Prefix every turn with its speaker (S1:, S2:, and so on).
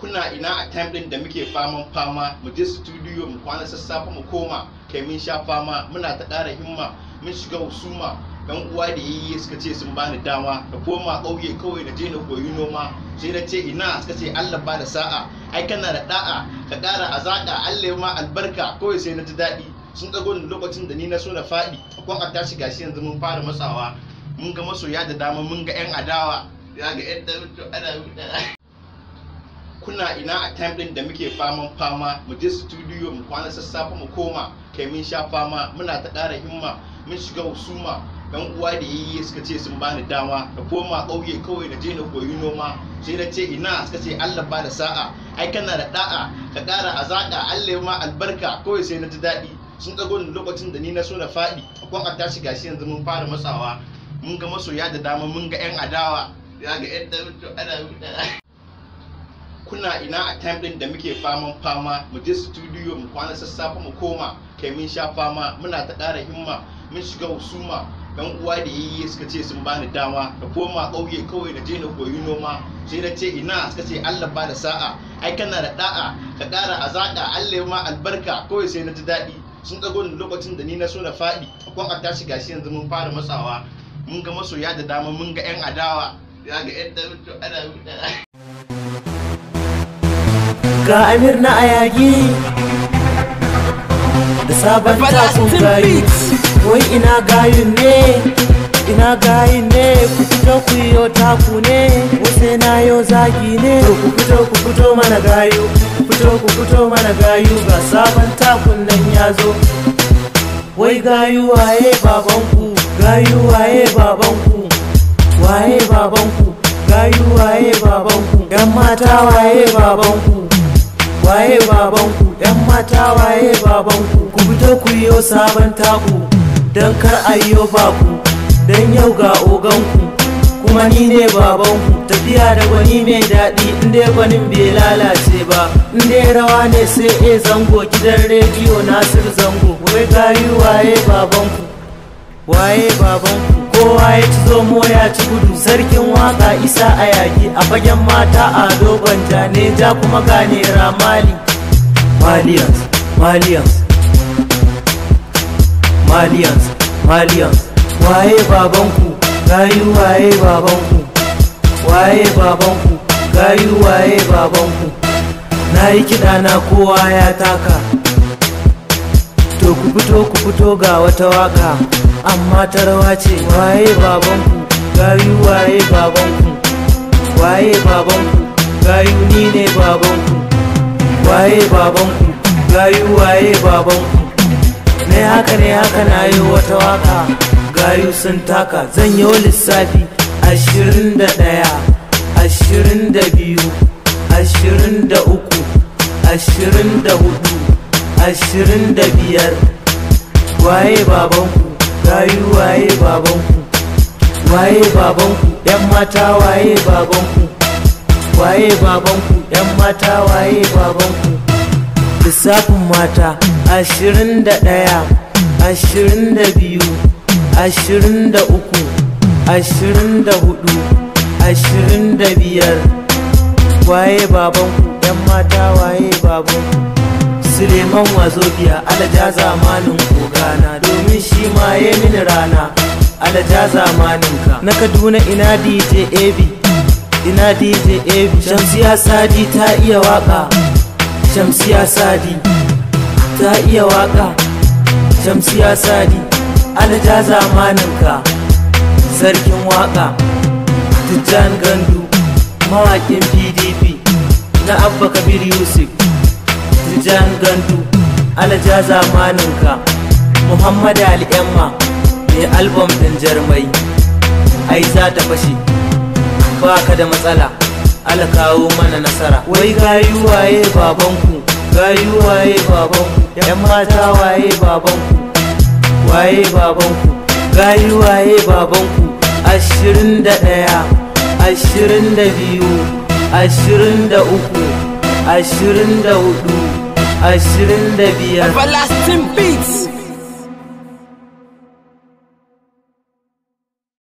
S1: kuna ina a time din da muke faman fama mu je studio mu kwana sassafe mu koma kai mun sha fama muna ta ƙara himma mun shiga husuma yan uwa da yayye suka ce sun bani dama ka koma ƙauye kawai da je na koyi noma sai na ce ina suka ce Allah ba da sa'a ai kana da da'a ka ƙara azaƙa Allah ma albarka kawai sai na ji daɗi sun ɗago ni lokacin da ni na so na faɗi akwai a tashi gashi yanzu mun fara matsawa mun ga masoya da dama mun ga 'yan adawa ya ga 'yan ana kuna ina a time din da muke faman fama mu je studio mu kwana sassafe mu koma kai min sha fama muna ta ƙara himma mun shiga husuma dan uwa da yayi suka ce sun bani dama da koma ƙauye kawai na je na koyi noma sai na ce ina suka ce Allah ba da sa'a ai kana da da'a ka ƙara azaƙa Allah ya ma albarka kawai sai na ji daɗi sun ɗago ni lokacin da ni na so na faɗi akwai a tashi gashi yanzu mun fara matsawa mun ga masoya da dama mun ga 'yan adawa ya ga 'yan ana kuna ina a time din da muke faman fama mu je studio mu kwana sassafe mu koma kai mun sha fama muna ta ƙara himma mun shiga husuma yan uwa da yayye suka ce sun bani dama da koma ƙauye kawai na je na koyi noma sai na ce ina suka ce Allah ba da sa'a ai kana da da'a ka ƙara azaƙa Allah ma albarka kawai sai na ji daɗi sun ɗago ni lokacin da ni na so na faɗi akwai a tashi gashi yanzu mun fara matsawa mun ga masoya da dama mun ga 'yan adawa ya ga 'yan ana
S2: ga amir na ayagi da sabon takun gayu wai ina gayin ne ina gayin ne ku fito ku yo taku ne wasai na yo zagi ne ku fito ku fito mana gayu ku fito ku fito mana gayu ga sabon takun nan ya zo wai gayu waye baban ku? gayu waye baban ku? waye baban ku? gayu waye baban ku? yan mata waye baban ku? waye babanku yan mata waye babanku ku fito ku yi sabon taku Dan kar ayyo baku Dan yau ga oganku kuma ni ne babanku tafiya da gwani mai daɗi inda gwanin bai lalace ba inda rawa ne sai e zango gidan rediyo nasir zango wai gari waye babanku waye babanku kowa ya ci zo moya ci gudu sarkin waka isa a yaki a fagen mata a dogon jane ja kuma gane ramali malians malians malians malians waye babanku gayu waye babanku waye babanku gayu waye babanku na yi kiɗa na kowa ya taka to ku fito ku fito ga wata waka amma tarwa ce waye babanku gayu waye babanku waye babanku gayu ni ne babanku waye babanku gayu waye babanku ne haka ne haka na yi wata waka gayu sun taka zan yi lissafi ashirin da ɗaya ashirin da biyu ashirin da uku ashirin da hudu ashirin da biyar waye babanku rayu waye babanku waye babanku yan mata waye babanku waye babanku yan mata waye babanku lissafin mata ashirin da ɗaya ashirin da biyu ashirin da uku ashirin da hudu ashirin da biyar waye babanku yan mata waye babanku suleiman wazobiya alaja zamanin kogana domin shi ma ya mini rana alaja zamaninka na kaduna ina dj ab ina dj ab shamsiya sadi ta iya waka shamsiya sadi ta iya waka shamsiya sadi alaja zamaninka sarkin waka tijjan gandu mawaƙin pdp na abba kabir yusuf tijjan gandu alaja zamaninka muhammad ali Emma, mai albam ɗin jarmai ai za ta fashe ba ka da matsala kawo mana nasara wai gayu waye babanku gayu waye babanku yan mata waye babanku waye babanku gayu waye babanku ashirin da ɗaya ashirin da biyu ashirin da uku ashirin da hudu ashirin da biyar. Everlasting Beats.